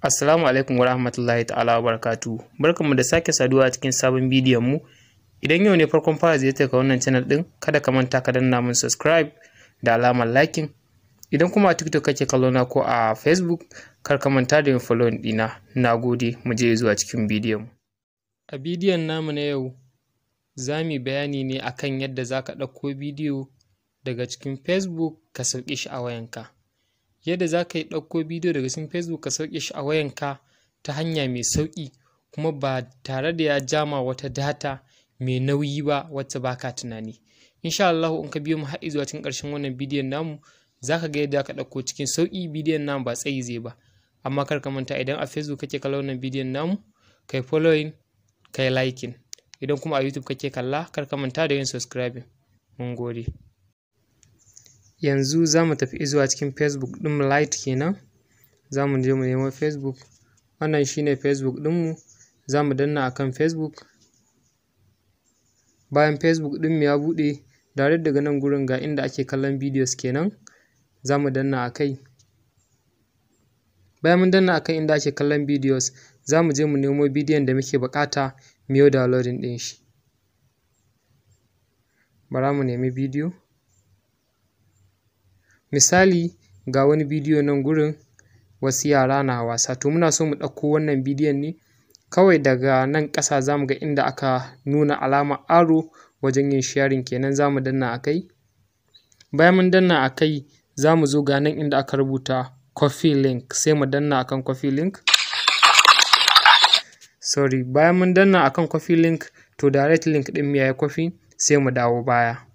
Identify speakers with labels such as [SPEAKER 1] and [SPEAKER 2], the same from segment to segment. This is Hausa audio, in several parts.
[SPEAKER 1] Assalamu alaikum rahmatullahi ta'ala barakatu. Barkanmu da sake saduwa a cikin sabon bidiyon mu. Idan yau ne farkon fara ziyartar ka wannan channel din, kada ka manta ka danna mun subscribe da alamar liking. Idan kuma a TikTok kake kallo na ko a Facebook, kar ka manta da yin follow dina. Nagode, mu je zuwa cikin bidiyon mu. A bidiyon namu na yau za mu bayani ne akan yadda za ka ɗauko bidiyo daga cikin Facebook ka sauke shi a wayanka. yadda za ka yi ɗauko bidiyo daga cikin facebook ka sauke shi a wayanka ta hanya mai sauƙi kuma ba tare da ya jama wata data mai nauyi ba wacce ba ka tunani insha Allah in ka biyo mu har zuwa cikin ƙarshen wannan bidiyon namu za ka ga yadda ka ɗauko cikin sauƙi bidiyon namu ba tsayi zai ba amma kar ka manta idan a facebook kake kallon wannan bidiyon namu kai following kai liking idan kuma a youtube kake kalla kar ka manta da yin subscribing mun gode yanzu za mu tafi izuwa cikin facebook ɗin light kenan za mu je mu nemo facebook wannan shine facebook ɗinmu za mu danna akan facebook bayan facebook ɗinmu ya buɗe dare daga nan gurin ga inda ake kallon videos kenan za mu danna a kai bayan mun danna akan inda ake kallon videos za mu je mu nemo bidiyon da muke buƙata mu yi downloading ɗin shi bara mu nemi bidiyo Misali ga wani bidiyo nan gurin wasu yara na wasa to muna so mu ɗauko wannan bidiyon ne kawai daga nan ƙasa za mu ga inda aka nuna alama aro wajen yin sharing kenan za mu danna a kai. Bayan mun danna a kai za mu zo ga nan inda aka rubuta coffee link sai mu danna akan coffee link. Sorry bayan mun danna akan coffee link to direct link ɗin mu yayi sai mu dawo baya.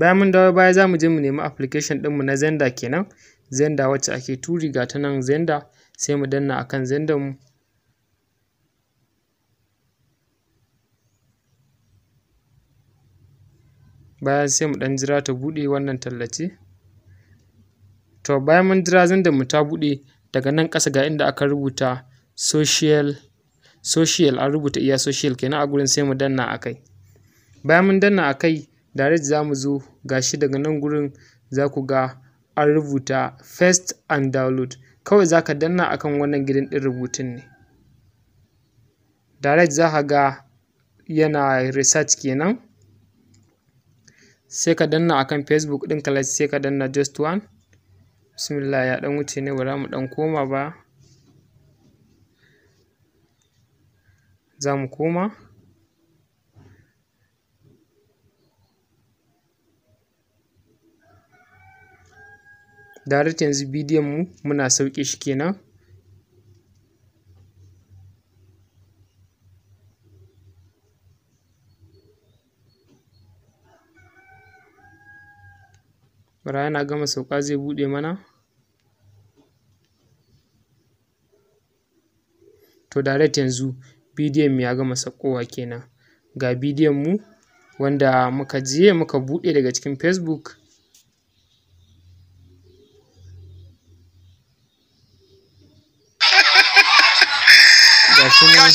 [SPEAKER 1] Bayan mun dawo baya za mu je mu nemi application ɗinmu na Zenda kenan. Zenda wacce ake turi ga ta nan Zenda sai mu danna a kan Zendan mu. Bayan sai mu ɗan jira ta buɗe wannan tallace. To bayan mun jira Zendan mu ta buɗe daga nan ƙasa ga inda aka rubuta social social an rubuta iya social kenan a gurin sai mu danna a kai. Bayan mun danna a kai direct za mu zo gashi daga nan gurin za ku ga an rubuta First and download kawai za ka danna akan wannan gidan ɗin rubutun ne direct za ka ga yana research kenan sai ka danna akan facebook ɗin ka sai ka danna just one bismillah ya ɗan wuce ne ba za mu ɗan koma ba za mu koma direct yanzu bidiyon mu muna sauke shi kenan bara yana gama sauka zai bude mana to direct yanzu bidiyon mu ya gama saukowa kenan ga bidiyon mu wanda muka je muka bude daga cikin facebook gashi nan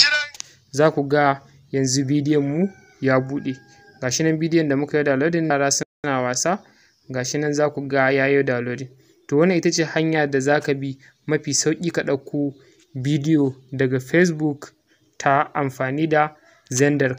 [SPEAKER 1] za ku ga yanzu bidiyon mu ya buɗe gashi nan bidiyon da muka yi downloading yara suna wasa gashi nan za ku ga ya yi downloading to wannan ita ce hanya da za ka bi mafi sauki ka ɗauko bidiyo daga facebook ta amfani da xender